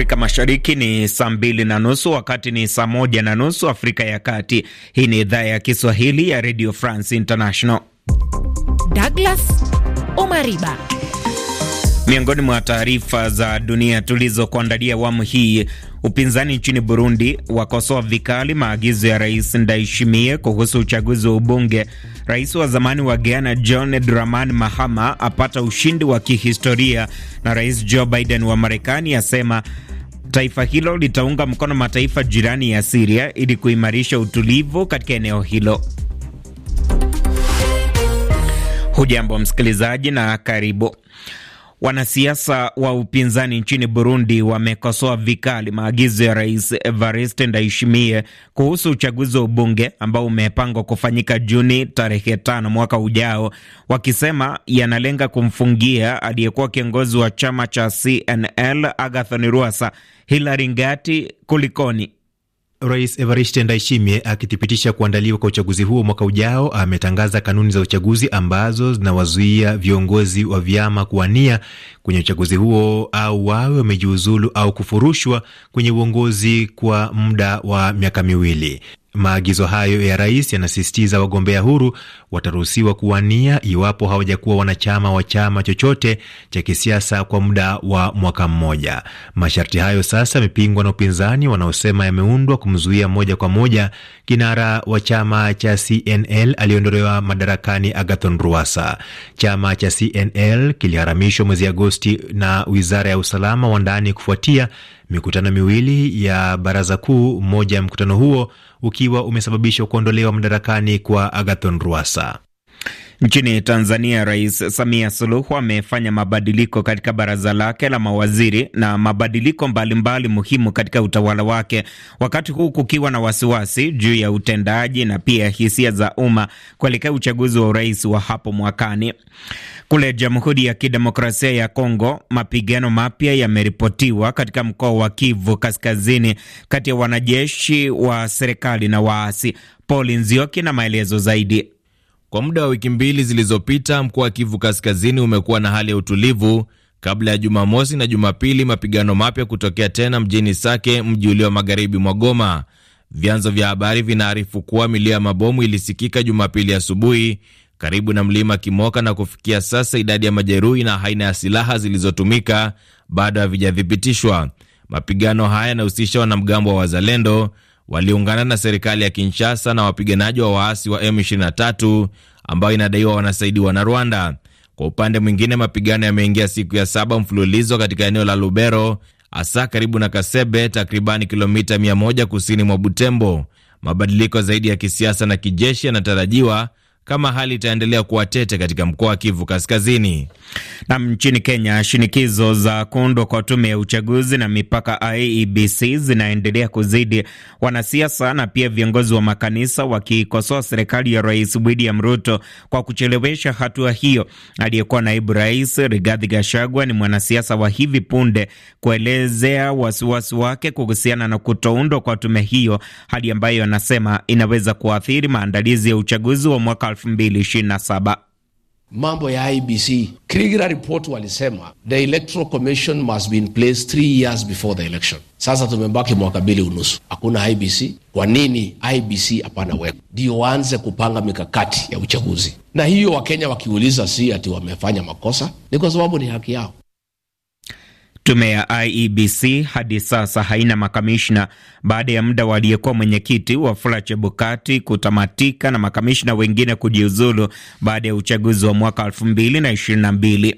Afrika Mashariki ni saa mbili na nusu wakati ni saa moja na nusu Afrika ya Kati. Hii ni idhaa ya Kiswahili ya Radio France International. Douglas Omariba miongoni mwa taarifa za dunia tulizokuandalia awamu hii, upinzani nchini Burundi wakosoa vikali maagizo ya rais Ndayishimiye kuhusu uchaguzi wa ubunge. Rais wa zamani wa Ghana John Dramani Mahama apata ushindi wa kihistoria, na rais Joe Biden wa Marekani asema Taifa hilo litaunga mkono mataifa jirani ya Siria ili kuimarisha utulivu katika eneo hilo. Hujambo msikilizaji na karibu. Wanasiasa wa upinzani nchini Burundi wamekosoa vikali maagizo ya Rais Evariste Ndayishimiye kuhusu uchaguzi wa ubunge ambao umepangwa kufanyika Juni tarehe tano mwaka ujao, wakisema yanalenga kumfungia aliyekuwa kiongozi wa chama cha CNL Agathon Rwasa. Hilary Ngati, kulikoni? Rais Evariste Ndayishimiye akithibitisha kuandaliwa kwa uchaguzi huo mwaka ujao, ametangaza kanuni za uchaguzi ambazo zinawazuia viongozi wa vyama kuwania kwenye uchaguzi huo au wawe wamejiuzulu au kufurushwa kwenye uongozi kwa muda wa miaka miwili. Maagizo hayo ya rais yanasisitiza wagombea huru wataruhusiwa kuwania iwapo hawajakuwa wanachama wa chama chochote cha kisiasa kwa muda wa mwaka mmoja. Masharti hayo sasa yamepingwa na upinzani wanaosema yameundwa kumzuia moja kwa moja kinara wa chama cha CNL aliyeondolewa madarakani Agathon Ruasa. Chama cha CNL kiliharamishwa mwezi Agosti na wizara ya usalama wa ndani kufuatia mikutano miwili ya baraza kuu, mmoja ya mkutano huo ukiwa umesababisha kuondolewa madarakani kwa Agathon Rwasa. Nchini Tanzania, Rais Samia Suluhu amefanya mabadiliko katika baraza lake la mawaziri na mabadiliko mbalimbali muhimu katika utawala wake, wakati huu kukiwa na wasiwasi juu ya utendaji na pia hisia za umma kuelekea uchaguzi wa urais wa hapo mwakani. Kule Jamhuri ya Kidemokrasia ya Kongo, mapigano mapya yameripotiwa katika mkoa wa Kivu Kaskazini kati ya wanajeshi wa serikali na waasi. Paul Nzioki na maelezo zaidi. Kwa muda wa wiki mbili zilizopita, mkoa wa Kivu Kaskazini umekuwa na hali ya utulivu kabla ya Jumamosi na Jumapili mapigano mapya kutokea tena mjini Sake, mji ulio magharibi mwa Goma. Vyanzo vya habari vinaarifu kuwa milio ya mabomu ilisikika Jumapili asubuhi karibu na mlima Kimoka, na kufikia sasa idadi ya majeruhi na aina ya silaha zilizotumika bado havijathibitishwa. Mapigano haya yanahusisha wanamgambo wa Wazalendo waliungana na serikali ya Kinshasa na wapiganaji wa waasi wa M23 ambayo inadaiwa wanasaidiwa na Rwanda. Kwa upande mwingine, mapigano yameingia siku ya saba mfululizo katika eneo la Lubero, hasa karibu na Kasebe, takribani kilomita 100 kusini mwa Butembo. Mabadiliko zaidi ya kisiasa na kijeshi yanatarajiwa kama hali itaendelea kuwa tete katika mkoa wa Kivu Kaskazini. Nam, nchini Kenya, shinikizo za kuundwa kwa tume ya uchaguzi na mipaka IEBC zinaendelea kuzidi, wanasiasa na pia viongozi wa makanisa wakiikosoa serikali ya Rais William Ruto kwa kuchelewesha hatua hiyo. Aliyekuwa naibu rais Rigathi Gachagua ni mwanasiasa wa hivi punde kuelezea wasiwasi wake kuhusiana na kutoundwa kwa tume hiyo, hali ambayo anasema inaweza kuathiri maandalizi ya uchaguzi wa mwaka 2027. Mambo ya IBC Kriegler report walisema the electoral commission must be in place three years before the election. Sasa tumebaki mwaka mbili unusu, hakuna IBC. Kwa nini IBC hapana weko? Ndio waanze kupanga mikakati ya uchaguzi, na hiyo Wakenya wakiuliza, si ati wamefanya makosa, ni kwa sababu ni haki yao. Tume ya IEBC hadi sasa haina makamishna baada ya muda waliyekuwa mwenyekiti Fula Chebukati kutamatika na makamishna wengine kujiuzulu baada ya uchaguzi wa mwaka 2022.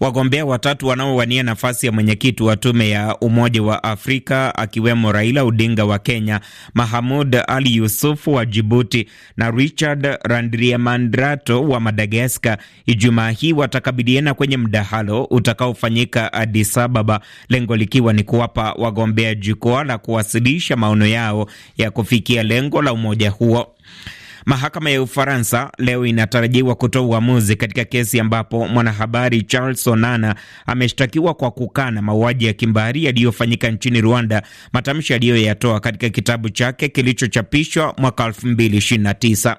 Wagombea watatu wanaowania nafasi ya mwenyekiti wa tume ya Umoja wa Afrika akiwemo Raila Odinga wa Kenya, Mahamud Ali Yusufu wa Jibuti na Richard Randriamandrato wa Madagaskar, Ijumaa hii watakabiliana kwenye mdahalo utakaofanyika Addis Ababa, lengo likiwa ni kuwapa wagombea jukwaa la kuwasilisha maono yao ya kufikia lengo la umoja huo. Mahakama ya Ufaransa leo inatarajiwa kutoa uamuzi katika kesi ambapo mwanahabari Charles Onana ameshtakiwa kwa kukana mauaji ya kimbari yaliyofanyika nchini Rwanda, matamshi aliyoyatoa katika kitabu chake kilichochapishwa mwaka 2029.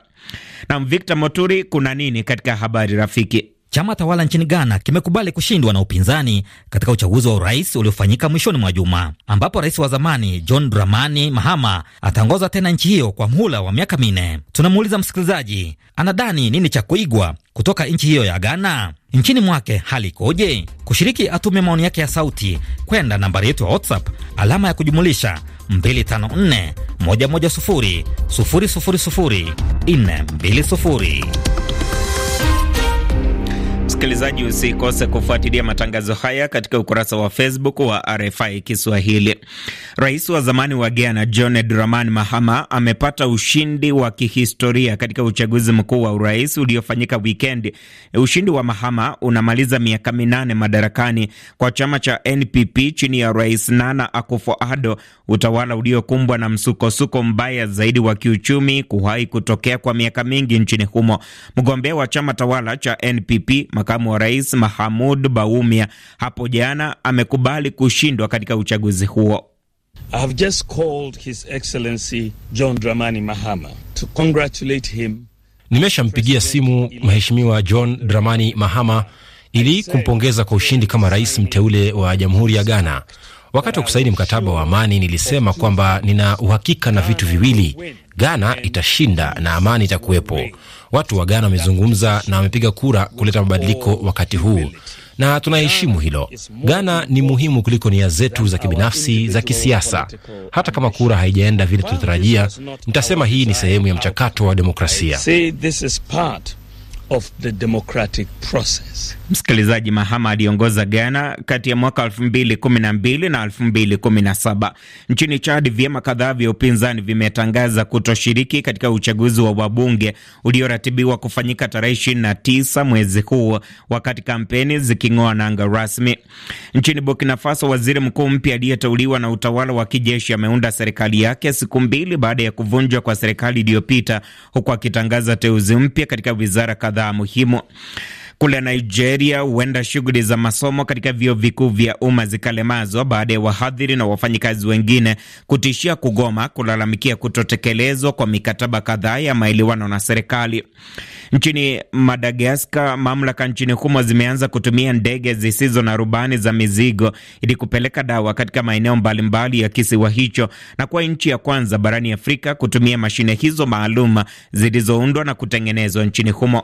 Na Victor Moturi, kuna nini katika habari rafiki? Chama tawala nchini Ghana kimekubali kushindwa na upinzani katika uchaguzi wa urais uliofanyika mwishoni mwa juma, ambapo rais wa zamani John Dramani Mahama ataongoza tena nchi hiyo kwa mhula wa miaka minne. Tunamuuliza msikilizaji, anadhani nini cha kuigwa kutoka nchi hiyo ya Ghana? Nchini mwake hali ikoje? Kushiriki atume maoni yake ya sauti kwenda nambari yetu ya WhatsApp alama ya kujumulisha 254 Msikilizaji, usikose kufuatilia matangazo haya katika ukurasa wa Facebook wa RFI Kiswahili. Rais wa zamani wa Ghana John Dramani Mahama amepata ushindi wa kihistoria katika uchaguzi mkuu wa urais uliofanyika wikendi. Ushindi wa Mahama unamaliza miaka minane madarakani kwa chama cha NPP chini ya Rais Nana Akufo-Addo, utawala uliokumbwa na msukosuko mbaya zaidi wa kiuchumi kuwahi kutokea kwa miaka mingi nchini humo. Mgombea wa chama tawala cha NPP makamu wa rais Mahamud Baumia hapo jana amekubali kushindwa katika uchaguzi huo. I have just called His Excellency John Dramani Mahama to congratulate him. Nimeshampigia simu Mheshimiwa John Dramani Mahama ili kumpongeza kwa ushindi kama rais mteule wa Jamhuri ya Ghana. Wakati wa kusaini mkataba wa amani nilisema kwamba nina uhakika na vitu viwili: Ghana itashinda na amani itakuwepo. Watu wa Ghana wamezungumza na wamepiga kura kuleta mabadiliko wakati huu na tunaheshimu hilo. Ghana ni muhimu kuliko nia zetu za kibinafsi za kisiasa. Hata kama kura haijaenda vile tulitarajia, nitasema hii ni sehemu ya mchakato wa demokrasia of the democratic process. Msikilizaji, Mahama aliongoza Ghana kati ya mwaka 2012 na 2017. Nchini Chad, vyama kadhaa vya upinzani vimetangaza kutoshiriki katika uchaguzi wa wabunge ulioratibiwa kufanyika tarehe 29 mwezi huu, wakati kampeni ziking'oa nanga rasmi. Nchini Burkina Faso, waziri mkuu mpya aliyeteuliwa na utawala wa kijeshi ameunda serikali yake siku mbili baada ya kuvunjwa kwa serikali iliyopita, huku akitangaza teuzi mpya katika wizara kadhaa kadhaa muhimu. Kule Nigeria huenda shughuli za masomo katika vyuo vikuu vya umma zikalemazwa baada ya wahadhiri na wafanyikazi wengine kutishia kugoma kulalamikia kutotekelezwa kwa mikataba kadhaa ya maelewano na serikali. Nchini Madagaskar, mamlaka nchini humo zimeanza kutumia ndege zisizo na rubani za mizigo ili kupeleka dawa katika maeneo mbalimbali ya kisiwa hicho na kuwa nchi ya kwanza barani Afrika kutumia mashine hizo maalum zilizoundwa na kutengenezwa nchini humo.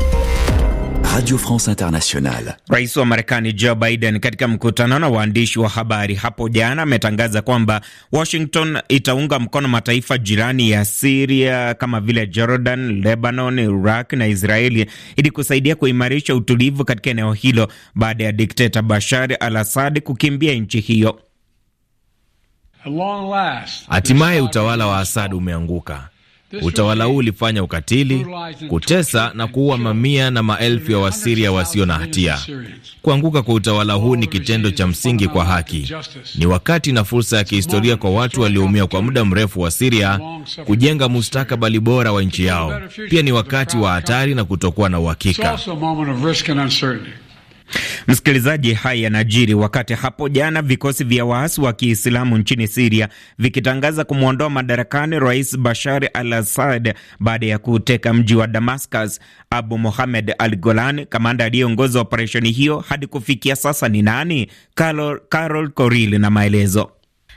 Radio France Internationale. Rais wa Marekani Joe Biden katika mkutano na waandishi wa habari hapo jana ametangaza kwamba Washington itaunga mkono mataifa jirani ya Siria kama vile Jordan, Lebanon, Iraq na Israeli ili kusaidia kuimarisha utulivu katika eneo hilo baada ya dikteta Bashar al-Assad kukimbia nchi hiyo. Hatimaye utawala wa Assad umeanguka. Utawala huu ulifanya ukatili, kutesa na kuua mamia na maelfu ya Wasiria wasio na hatia. Kuanguka kwa utawala huu ni kitendo cha msingi kwa haki. Ni wakati na fursa ya kihistoria kwa watu walioumia kwa muda mrefu wa Siria kujenga mustakabali bora wa nchi yao. Pia ni wakati wa hatari na kutokuwa na uhakika. Msikilizaji, haya yanajiri wakati hapo jana vikosi vya waasi wa Kiislamu nchini Siria vikitangaza kumwondoa madarakani Rais Bashar al Assad baada ya kuteka mji wa Damascus. Abu Mohamed al Golan, kamanda aliyeongoza operesheni hiyo hadi kufikia sasa ni nani? Carol, coril na maelezo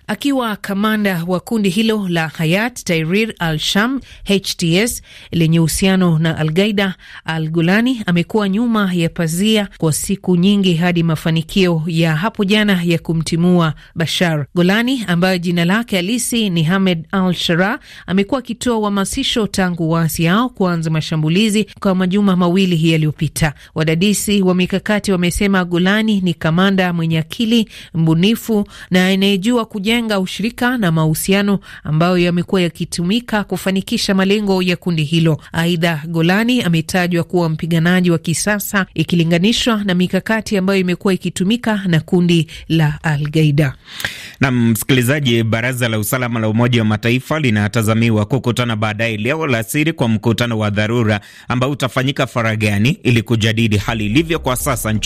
Akiwa kamanda wa kundi hilo la Hayat Tahrir al-Sham HTS lenye uhusiano na Al-Qaida, Al-Golani amekuwa nyuma ya pazia kwa siku nyingi hadi mafanikio ya hapo jana ya kumtimua Bashar. Golani ambayo jina lake halisi ni Hamed al-Shara amekuwa akitoa uhamasisho tangu waasi hao kuanza mashambulizi kwa majuma mawili yaliyopita. Wadadisi wa mikakati wamesema Golani ni kamanda mwenye akili, mbunifu na anayejua kuja kujenga ushirika na mahusiano ambayo yamekuwa yakitumika kufanikisha malengo ya kundi hilo. Aidha, Golani ametajwa kuwa mpiganaji wa kisasa ikilinganishwa na mikakati ambayo imekuwa ikitumika na kundi la Algaida. Na msikilizaji, baraza la usalama la Umoja wa Mataifa linatazamiwa kukutana baadaye leo la asiri kwa mkutano wa dharura ambao utafanyika faragani ili kujadili hali ilivyo kwa sasa nchini